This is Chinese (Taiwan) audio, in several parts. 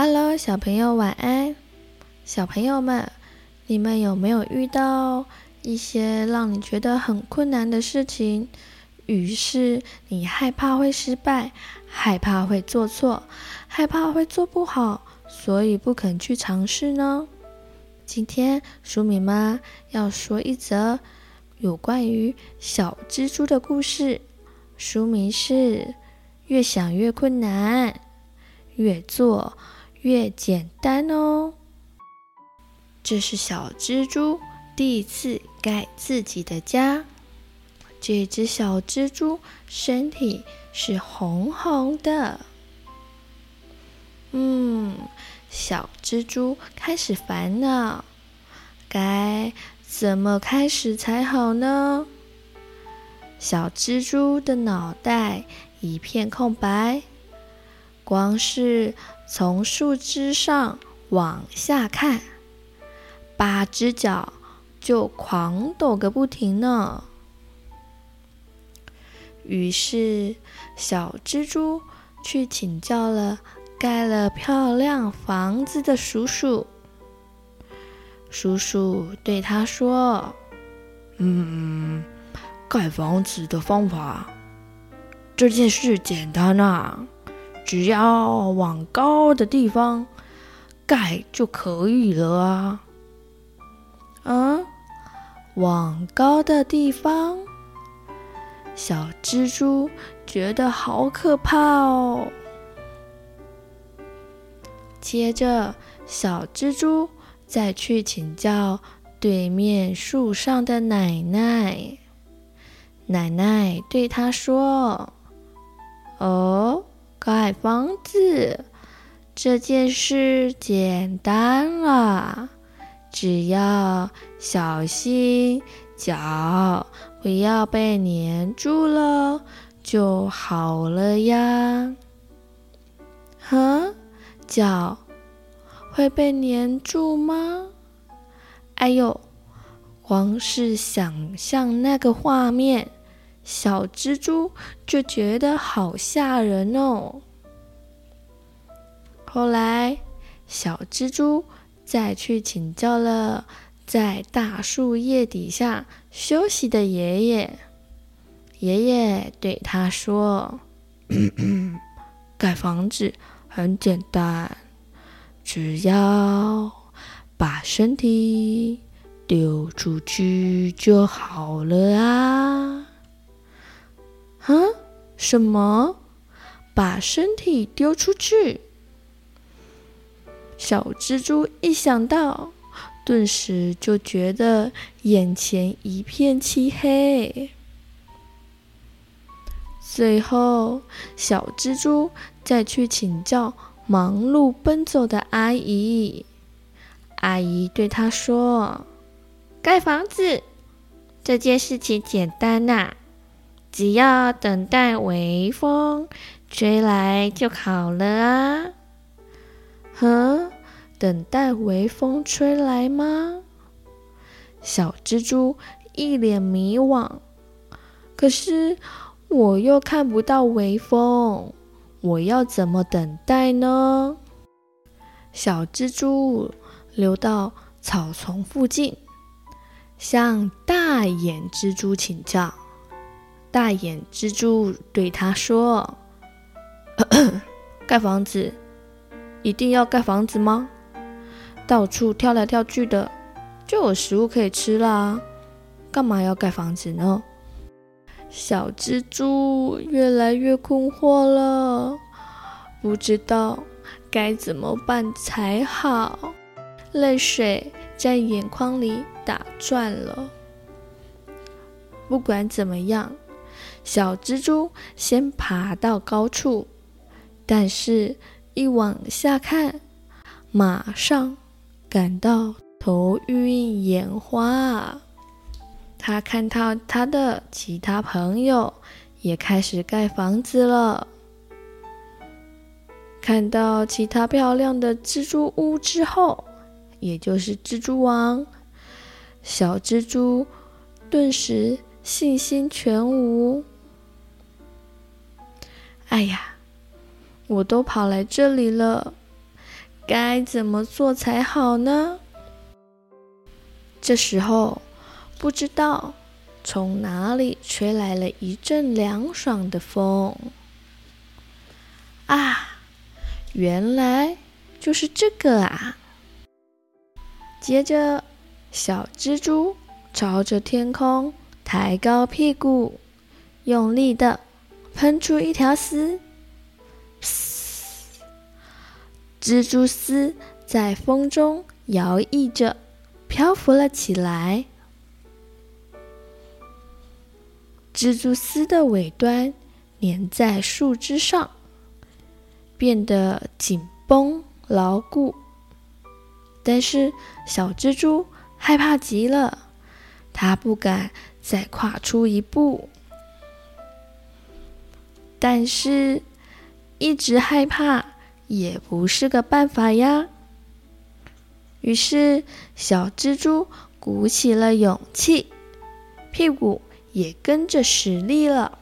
Hello，小朋友晚安。小朋友們，你們有沒有遇到一些讓你覺得很困難的事情？於是你害怕會失敗，害怕會做錯，害怕會做不好，所以不肯去嘗試呢？今天黍米媽要說一則有關於小蜘蛛的故事，書名是《越想越困難，越做》越簡單哦。這是小蜘蛛第一次蓋自己的家。這隻小蜘蛛身體是紅紅的。嗯，小蜘蛛開始煩惱，該怎麼開始才好呢？小蜘蛛的腦袋一片空白，光是，從樹枝上往下看，八隻腳就狂抖個不停呢。於是，小蜘蛛去請教了蓋了漂亮房子的叔叔。叔叔對他說：“嗯，蓋房子的方法，這件事簡單啊。”只要往高的地方蓋就可以了啊！啊、嗯，往高的地方，小蜘蛛覺得好可怕哦。接着，小蜘蛛再去請教對面樹上的奶奶。奶奶對他說：“哦。”蓋房子這件事簡單啦，只要小心腳不要被黏住了就好了呀。哼、啊，腳會被黏住嗎？哎呦，光是想象那個畫面。小蜘蛛就覺得好嚇人哦。後來，小蜘蛛再去請教了在大樹葉底下休息的爺爺。爺爺對他說：“咳咳，蓋房子很簡單，只要把身體丟出去就好了啊。”什麼？把身體丟出去！小蜘蛛一想到，頓時就覺得眼前一片漆黑。最後，小蜘蛛再去請教忙碌奔走的阿姨。阿姨對他說：“蓋房子這件事情簡單吶、啊。”只要等待微風吹來就好了啊！呵、啊，等待微風吹來嗎？小蜘蛛一臉迷惘。可是我又看不到微風，我要怎麼等待呢？小蜘蛛溜到草叢附近，向大眼蜘蛛請教。大眼蜘蛛對他說呵呵：“蓋房子，一定要蓋房子嗎？到處跳來跳去的，就有食物可以吃啦！啊，幹嘛要蓋房子呢？”小蜘蛛越來越困惑了，不知道該怎麼辦才好，淚水在眼眶裡打轉了。不管怎麼樣。小蜘蛛先爬到高處，但是一往下看，馬上感到頭暈眼花。他看到他的其他朋友也開始蓋房子了。看到其他漂亮的蜘蛛屋之後，也就是蜘蛛王，小蜘蛛頓時信心全無。哎呀，我都跑來這裡了，該怎麼做才好呢？這時候，不知道從哪裡吹來了一陣涼爽的風。啊，原來就是這個啊。接着，小蜘蛛朝着天空抬高屁股，用力地。噴出一條絲，蜘蛛絲在風中搖曳着，漂浮了起來。蜘蛛絲的尾端粘在樹枝上，變得緊繃牢固。但是小蜘蛛害怕極了，它不敢再跨出一步。但是，一直害怕也不是個辦法呀。於是，小蜘蛛鼓起了勇氣，屁股也跟着使力了。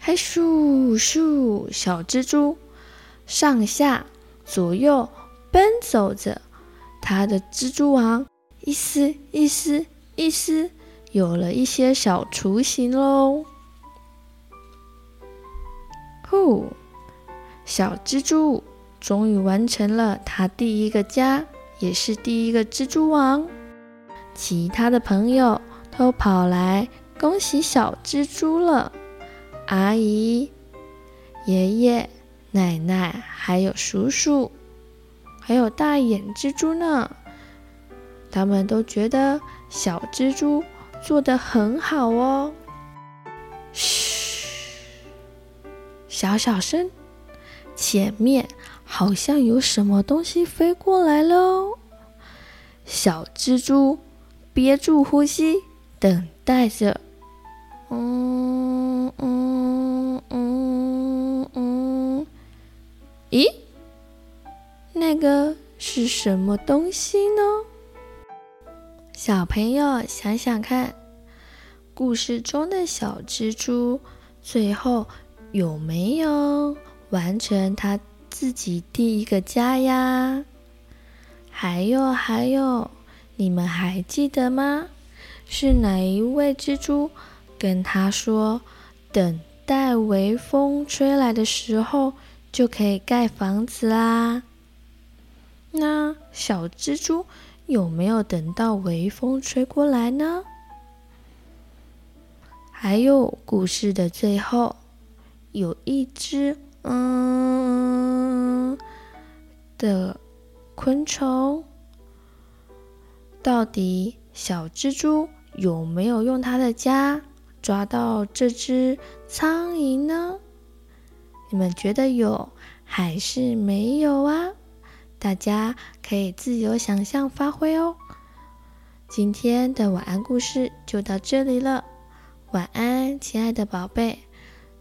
嘿，咻咻，小蜘蛛上下左右奔走着，它的蜘蛛網一絲一絲一絲，一絲，有了一些小雛形嘍。呼，小蜘蛛終於完成了他第一個家，也是第一個蜘蛛網，其他的朋友都跑來恭喜小蜘蛛了。阿姨、爺爺、奶奶，還有叔叔，還有大眼蜘蛛呢。他們都覺得小蜘蛛做得很好哦。噓。小小聲，前面好像有什麼東西飛過來嘍！小蜘蛛憋住呼吸，等待着。嗯嗯嗯嗯嗯，咦？那個是什麼東西呢？小朋友想想看，故事中的小蜘蛛最後。有沒有完成他自己第一個家呀？還有還有，你們還記得嗎？是哪一位蜘蛛跟他說：“等待微風吹來的時候，就可以蓋房子啦。”那小蜘蛛有沒有等到微風吹過來呢？還有故事的最後，有一隻嗯的昆蟲，到底小蜘蛛有沒有用它的家抓到這隻蒼蠅呢？你們覺得有還是沒有啊？大家可以自由想象發揮哦。今天的晚安故事就到這裡了，晚安，親愛的寶貝。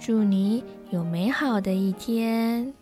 祝你有美好的一天。